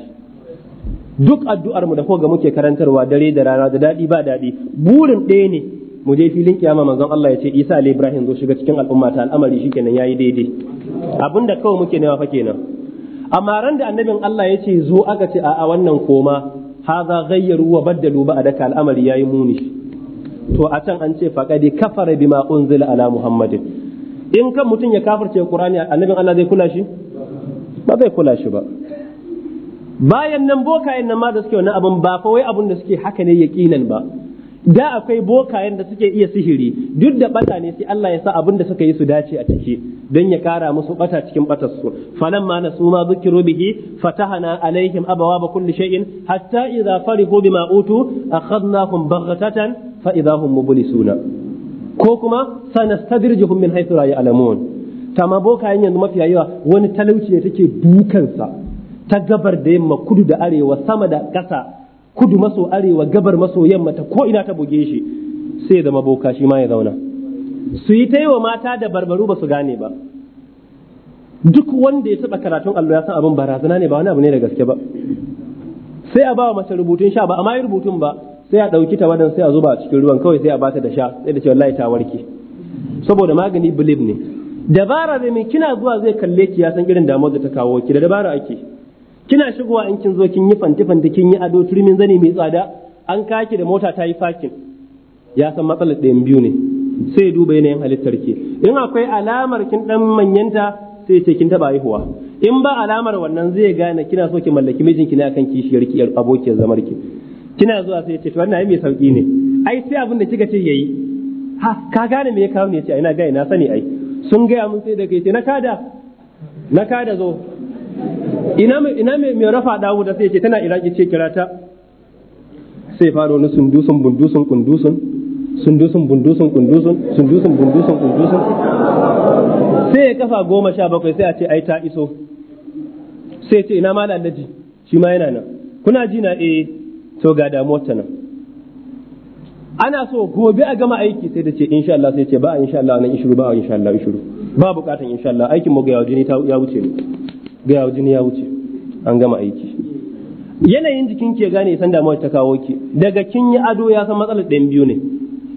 duk addu'ar mu da ko ga muke karantarwa dare da rana da dadi ba dadi burin ɗaya ne mu je filin kiyama manzon Allah ya ce Isa alayhi Ibrahim zo shiga cikin al'umma ta al'amari shikenan yayi daidai abinda kawai muke nawa fa kenan amma ran da annabin Allah ya ce zo aka ce a wannan koma haza ghayyaru wa baddalu ba adaka al'amari yayi muni to a can an ce faqadi kafara bima unzila ala muhammadin in kan mutum ya kafirce Qur'ani annabin Allah zai kula shi ba zai kula shi ba bayan nan bokayen nan ma da suke wannan abin ba kawai wai abin da suke haka ne yaqinan ba da akwai bokayen da suke iya sihiri duk da bata ne sai Allah ya sa abin da suka yi su dace a ciki don ya kara musu bata cikin batar su falan ma nasu ma zukiru bihi fatahana alaihim abawa ba kulli shay'in hatta idza farihu bima utu akhadnahum baghtatan fa idahum mublisuna ko kuma sanastadrijuhum min haythu la ya'lamun tama bokayen yanzu mafiya yawa wani talauci ne take dukansa ta gabar da yamma kudu da arewa sama da ƙasa kudu maso arewa gabar maso yamma ta ko ina ta buge shi sai da maboka shi ma ya zauna su yi ta yi wa mata da barbaru ba su gane ba duk wanda ya taɓa karatun allo ya san abin barazana ne ba wani abu ne da gaske ba sai a ba wa mace rubutun sha ba amma yi rubutun ba sai a ɗauki tawadan sai a zuba cikin ruwan kawai sai a bata da sha sai da ce wallahi ta warke saboda magani believe ne dabara da mai kina zuwa zai kalle ki ya san irin damuwar da ta kawo ki da dabara ake kina shigowa in kin zo kin yi fanti fanti kin yi ado turmin zani mai tsada an kaki da mota ta yi fakin ya san matsalar ɗayan biyu ne sai duba yanayin halittar ki in akwai alamar kin dan manyanta sai ce kin taba haihuwa in ba alamar wannan zai gane kina so ki mallaki mijinki ne akan kishiyar ki abokiyar zamar ki kina zuwa sai ya ce to wannan ai mai sauki ne ai sai abin da kika ce yayi ha ka gane me ya kawo ne ce ai na ga ina sani ai sun gaya mun sai da kai ce na kada na kada zo ina mai ina mai mai rafa dawo da sai ya ce tana iraki ce kira ta sai faro ni sundusun bundusun kundusun sundusun bundusun kundusun sundusun bundusun kundusun sai ya kafa goma sha bakwai sai a ce ai ta iso sai ce ina malam naji shi ma yana nan kuna ji na eh so ga damuwar ta nan ana so gobe a gama aiki sai da ce insha Allah sai ce ba insha Allah nan ishuru ba insha Allah ishuru ba bukatan insha Allah aikin mu ga jini ya wuce ne ga jini ya wuce an gama aiki yanayin jikin ke gane san damuwar ta kawo ki daga kin yi ado ya san matsalar ɗan biyu ne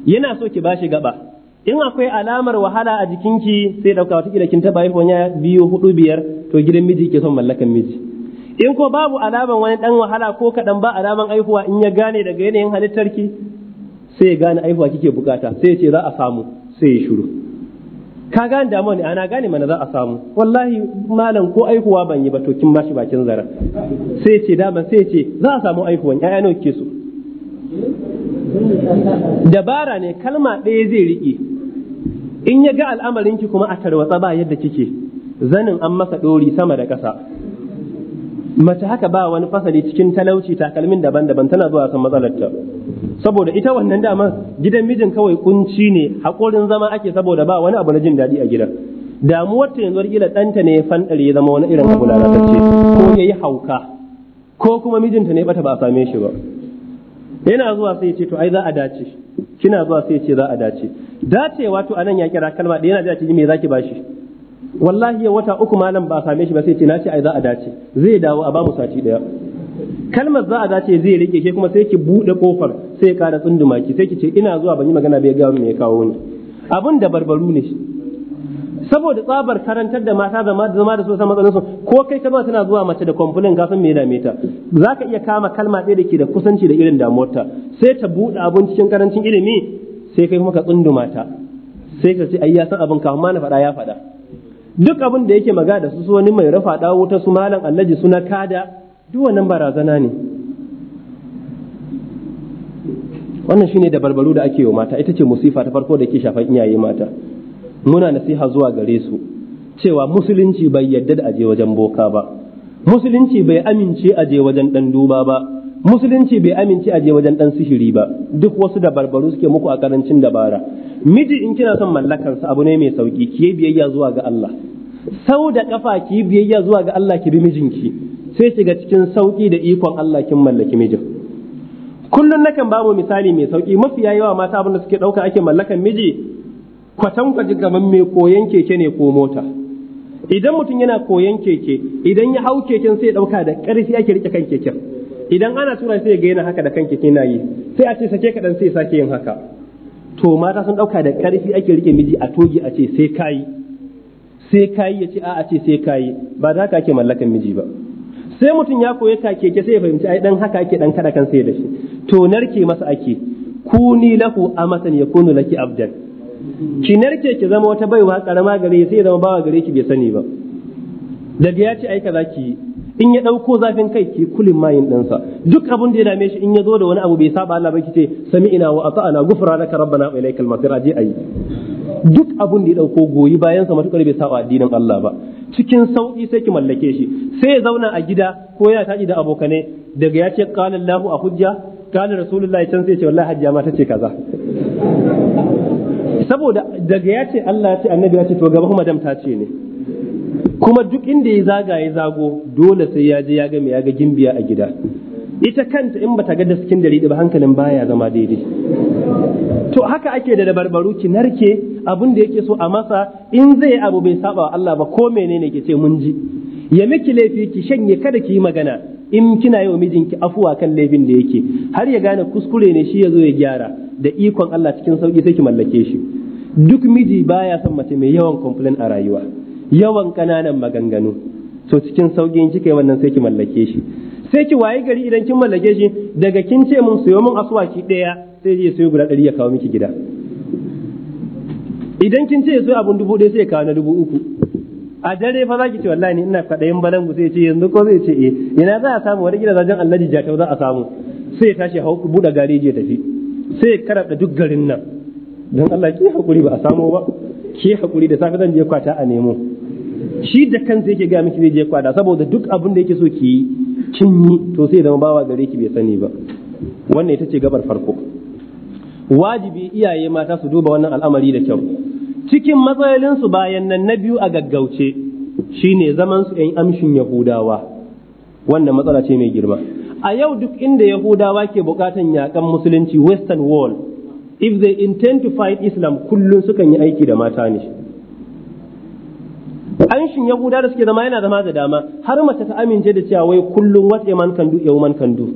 yana so ki bashi gaba in akwai alamar wahala a jikinki sai dauka wata kila kin taba haihuwa biyu hudu biyar to gidan miji ke son mallakan miji in ko babu alaman wani dan wahala ko kadan ba alaman aihuwa in ya gane daga yanayin halittarki sai ya gane aihuwa kike bukata sai ya ce za a samu sai ya shiru ka gane damuwa ne ana gane mana za a samu wallahi malam ko aihuwa ban yi ba to kin bashi bakin zara sai ya ce daman sai ya ce za a samu aihuwan ƴaƴa nawa kike so dabara ne kalma ɗaya zai riƙe in ya ga al'amarinki kuma a tarwatsa ba yadda kike zanin an masa ɗori sama da ƙasa mace haka ba wani fasali cikin talauci takalmin daban-daban tana zuwa san matsalarta saboda ita wannan dama gidan mijin kawai kunci ne hakorin zama ake saboda ba wani abu na jin daɗi a gidan damuwar ta yanzu kila ɗanta ne ya fandare ya zama wani irin abu lalatacce ko ya yi hauka ko kuma mijinta ne bata ba a same shi ba yana zuwa sai ya ce to ai za a dace kina zuwa sai ya ce za a dace dacewa to anan ya kira kalma da yana da me zaki bashi wallahi ya wata uku malam ba same shi ba sai ce na ce ai za a dace zai dawo a ba mu sati daya kalmar za a dace zai rike ke kuma sai ki bude kofar sai ya kara tsunduma ki sai ki ce ina zuwa ban yi magana bai gawo me ya kawo ni abun da barbaru ne saboda tsabar karantar da mata zama da zama da su sama su ko kai kalma tana zuwa mace da kwamfulin ka san me dame ta ka iya kama kalma ɗaya da ke da kusanci da irin damuwar ta sai ta bude abun cikin karancin ilimi sai kai kuma ka tsunduma ta sai ka ce ai ya san abin ka amma na faɗa ya faɗa duk abin da yake magana da su su wani mai rafa da wuta su malam allaji suna kada duk wannan barazana ne wannan shine da barbaru da ake yi mata ita ce musifa ta farko da ke shafan iyaye mata muna nasiha zuwa gare su cewa musulunci bai yadda da aje wajen boka ba musulunci bai amince aje wajen dan duba ba musulunci bai amince a je wajen dan sihiri ba duk wasu dabarbaru suke muku a karancin dabara miji in kina son mallakar sa abu ne mai sauki ki biyayya zuwa ga Allah sau da kafa ki biyayya zuwa ga Allah ki bi mijinki sai shiga cikin sauki da ikon Allah kin mallaki mijin kullun nakan ba mu misali mai sauki mafiya yawa mata abin da suke dauka ake mallakan miji kwatan kwaji gaban mai koyan keke ne ko mota idan mutum yana koyan keke idan ya hau keken sai ya dauka da karfi ake rike kan keken idan ana tura sai ga yana haka da kanki kina yi sai a ce sake kaɗan sai sake yin haka to mata sun ɗauka da karfi ake rike miji a togi a ce sai kai sai kai ya ce a a ce sai kai ba za ka ake mallakan miji ba sai mutum ya koyi ta keke sai ya fahimci ai dan haka ake dan kada kan sai da shi to narke masa ake kuni lahu amatan yakunu laki abdan ki narke ki zama wata baiwa karama gare sai ya zama bawa gare ki bai sani ba daga ya ce ai kaza ki in ya ɗauko zafin kai ke kulin mayin ɗansa duk abin da ya dame shi in ya zo da wani abu bai saba Allah ba ki ce ina wa ata'ana laka rabbana wa ilaikal masir aje ayi duk abin da ya ɗauko goyi bayan sa matukar bai saba addinin Allah ba cikin sauki sai ki mallake shi sai ya zauna a gida ko ya taji da abokane daga ya ce qala Allahu a hujja qala rasulullahi can sai ce wallahi hajjia ma tace kaza saboda daga ya ce Allah ya ce annabi ya ce to gaba kuma dam ta ce ne kuma duk inda ya zaga ya zago dole sai ya je ya ga ya ga gimbiya a gida ita kanta in bata ga daskin dari ba hankalin baya zama daidai to haka ake da dabarbaru ki narke abin da yake so a masa in zai abu bai saba Allah ba ko menene ke ce mun ji ya miki laifi ki shanye kada ki yi magana in kina yi wa mijinki afuwa kan laifin da yake har ya gane kuskure ne shi ya zo ya gyara da ikon Allah cikin sauki sai ki mallake shi duk miji baya son mace mai yawan complain a rayuwa yawan ƙananan maganganu to cikin sauƙin kika yi wannan sai ki mallake shi sai ki waye gari idan kin mallake shi daga kin ce mun siyo mun aswaki ɗaya sai ya siyo guda ɗari ya kawo miki gida idan kin ce ya siyo abun dubu ɗaya sai ya kawo na dubu uku a dare fa za ki ce wallahi ni ina kwaɗayin balangu sai ce yanzu ko zai ce eh ina za a samu wani gidan zajen allaji jatau za a samu sai ya tashi hau buɗe gareji ya tafi sai ya karanta duk garin nan don Allah ki hakuri ba a samu ba ki hakuri da safe zan je kwata a nemo shi da kansa yake ga miki zai je kwada saboda duk abin da yake so ki yi yi to sai zama bawa gare ki bai sani ba wannan ita ce gabar farko wajibi iyaye mata su duba wannan al'amari da kyau cikin su bayan nan na biyu a gaggauce shine zaman su yan amshin yahudawa wannan matsala ce mai girma a yau duk inda yahudawa ke bukatan yakan musulunci western wall if they intend to fight islam kullum sukan yi aiki da mata ne anshin yahuda da suke zama yana zama da dama har mace ta amince da cewa wai kullum what a man can do a woman can do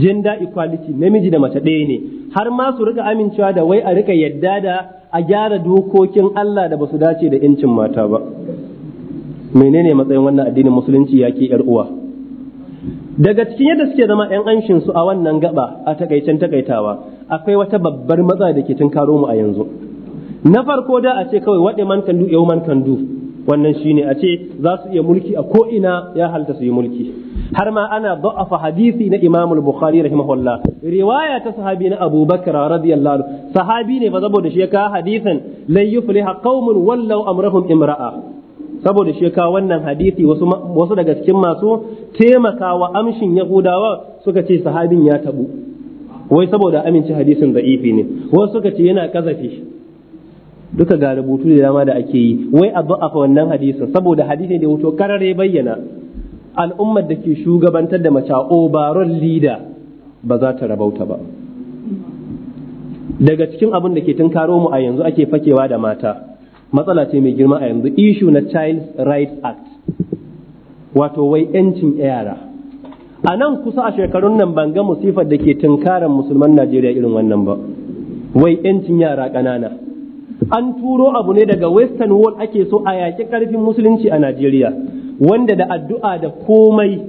gender equality namiji da mace ɗaya ne har ma su rika amincewa da wai a rika yadda da a gyara dokokin Allah da basu dace da incin mata ba menene matsayin wannan addinin musulunci ya ke yar uwa daga cikin yadda suke zama yan anshin su a wannan gaba a takaicen takaitawa akwai wata babbar matsala da ke tunkaro mu a yanzu na farko da a ce kawai what a man can do a woman can do wannan shine a ce za su iya mulki a ko'ina ya halta su yi mulki har ma ana da'afa hadisi na Imam al-Bukhari rahimahullah riwaya ta sahabi na Abubakar Bakr radiyallahu sahabi ne fa saboda shi ka hadisin la yufliha qaumun wallau amrahum imra'a saboda shi ka wannan hadisi wasu wasu daga cikin masu taimakawa amshin Yahudawa suka ce sahabin ya tabu wai saboda aminci hadisin da'ifi ne wasu suka ce yana kazafi duka ga rubutu da dama da ake yi wai a da'afa wannan hadisin saboda hadisin da wuto karare bayyana al'ummar da ke shugabantar da mace overall leader ba za ta rabauta ba daga cikin abin da ke tunkaro mu a yanzu ake fakewa da mata matsala ce mai girma a yanzu issue na child rights act wato wai 'yancin yara a nan kusa a shekarun nan ban ga musifar da ke tunkaran musulman najeriya irin wannan ba wai 'yancin yara ƙanana an turo abu ne daga western world ake so a yaƙi ƙarfin musulunci a najeriya wanda da addu'a da komai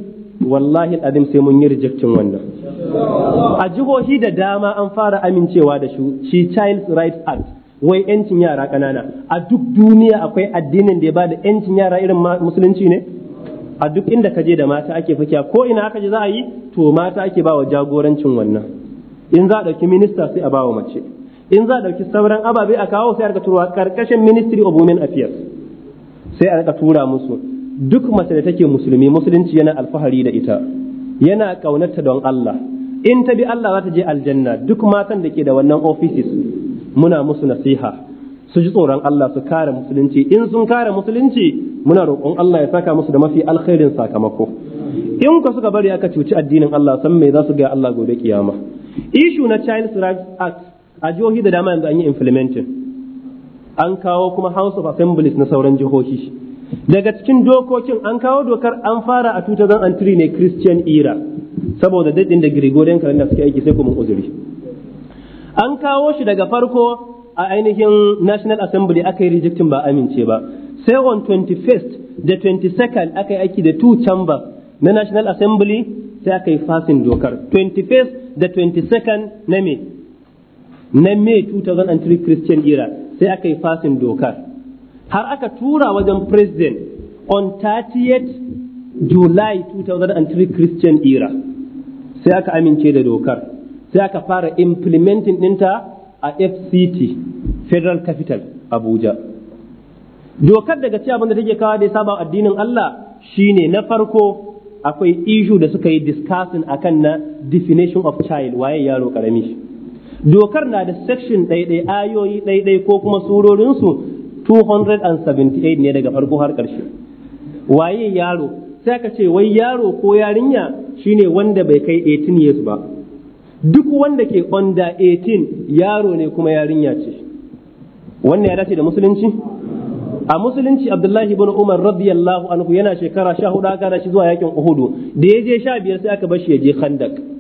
wallahi adim sai mun yi rejectin wannan a jihohi da dama an fara amincewa da shi child rights act wai yancin yara ƙanana a duk duniya akwai addinin da ya ba da yancin yara irin musulunci ne a duk inda ka je da mata ake fakiya ko ina aka je za a yi to mata ake ba wa jagorancin wannan in za a ɗauki minista sai a ba wa mace in za a ɗauki sauran ababe a kawo sai a rika karkashin ministry of women affairs sai a rika tura musu duk mace da take musulmi musulunci yana alfahari da ita yana kaunarta don Allah in ta bi Allah za ta je aljanna duk matan da ke da wannan offices muna musu nasiha su ji tsoron Allah su kare musulunci in sun kare musulunci muna roƙon Allah ya saka musu da mafi alkhairin sakamako in ku suka bari aka cuci addinin Allah san me za su ga Allah gobe kiyama issue na Child Rights Act a jihohi da dama yanzu an yi implementing an kawo kuma house of assemblies na sauran jihohi daga cikin dokokin an kawo dokar an fara a 2003 ne christian era saboda daɗin da gregorian calendar suke aiki sai kuma uzuri an kawo shi daga farko a ainihin national assembly aka yi rejectin ba amince ba sai on 21st da 22nd aka yi aiki da two chambers na national assembly sai aka yi fasin dokar 21st da 22nd na me na May 2003 Christian era sai aka yi fasin dokar har aka tura wajen president on 30 July 2003 Christian era sai aka amince da dokar sai aka fara implementing ɗinta a FCT Federal Capital Abuja dokar daga ci abin da take kawo da saba addinin Allah shine na farko akwai issue da suka yi discussing akan na definition of child waye yaro karami dokar na da section ɗaiɗai ayoyi ɗaiɗai ko kuma surorinsu 278 ne daga farko har ƙarshe waye yaro sai ka ce wai yaro ko yarinya shine wanda bai kai 18 years ba duk wanda ke under 18 yaro ne kuma yarinya ce wannan ya dace da musulunci a musulunci abdullahi ibn umar radiyallahu anhu yana shekara 14 aka shi zuwa yakin uhudu da ya je sha biyar sai aka bar shi ya je khandak